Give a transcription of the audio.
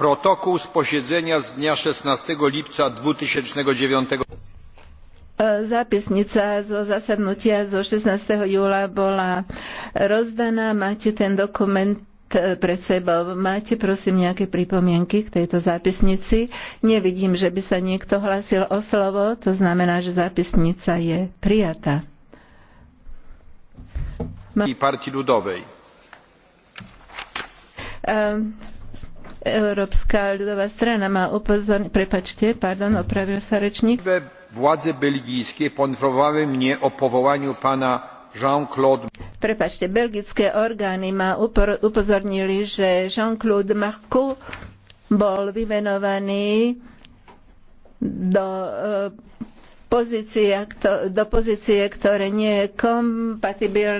Protokół z posiedzenia z dnia 16 lipca 2009 e, Zápisnica zo zasadnutia zo 16. júla bola rozdaná. Máte ten dokument e, pred sebou. Máte prosím nejaké pripomienky k tejto zápisnici? Nevidím, že by sa niekto hlasil o slovo, to znamená, že zápisnica je prijatá. Ma... Partii Európska ľudová strana má upozorniť, prepačte, pardon, opravil sa rečník. Władze belgijskie poinformowały mnie o powołaniu pana Jean-Claude. Prepačte, belgické orgány ma upozornili, že Jean-Claude Marcou bol vymenovaný do e, pozície, do pozície, ktoré nie je kompatibilné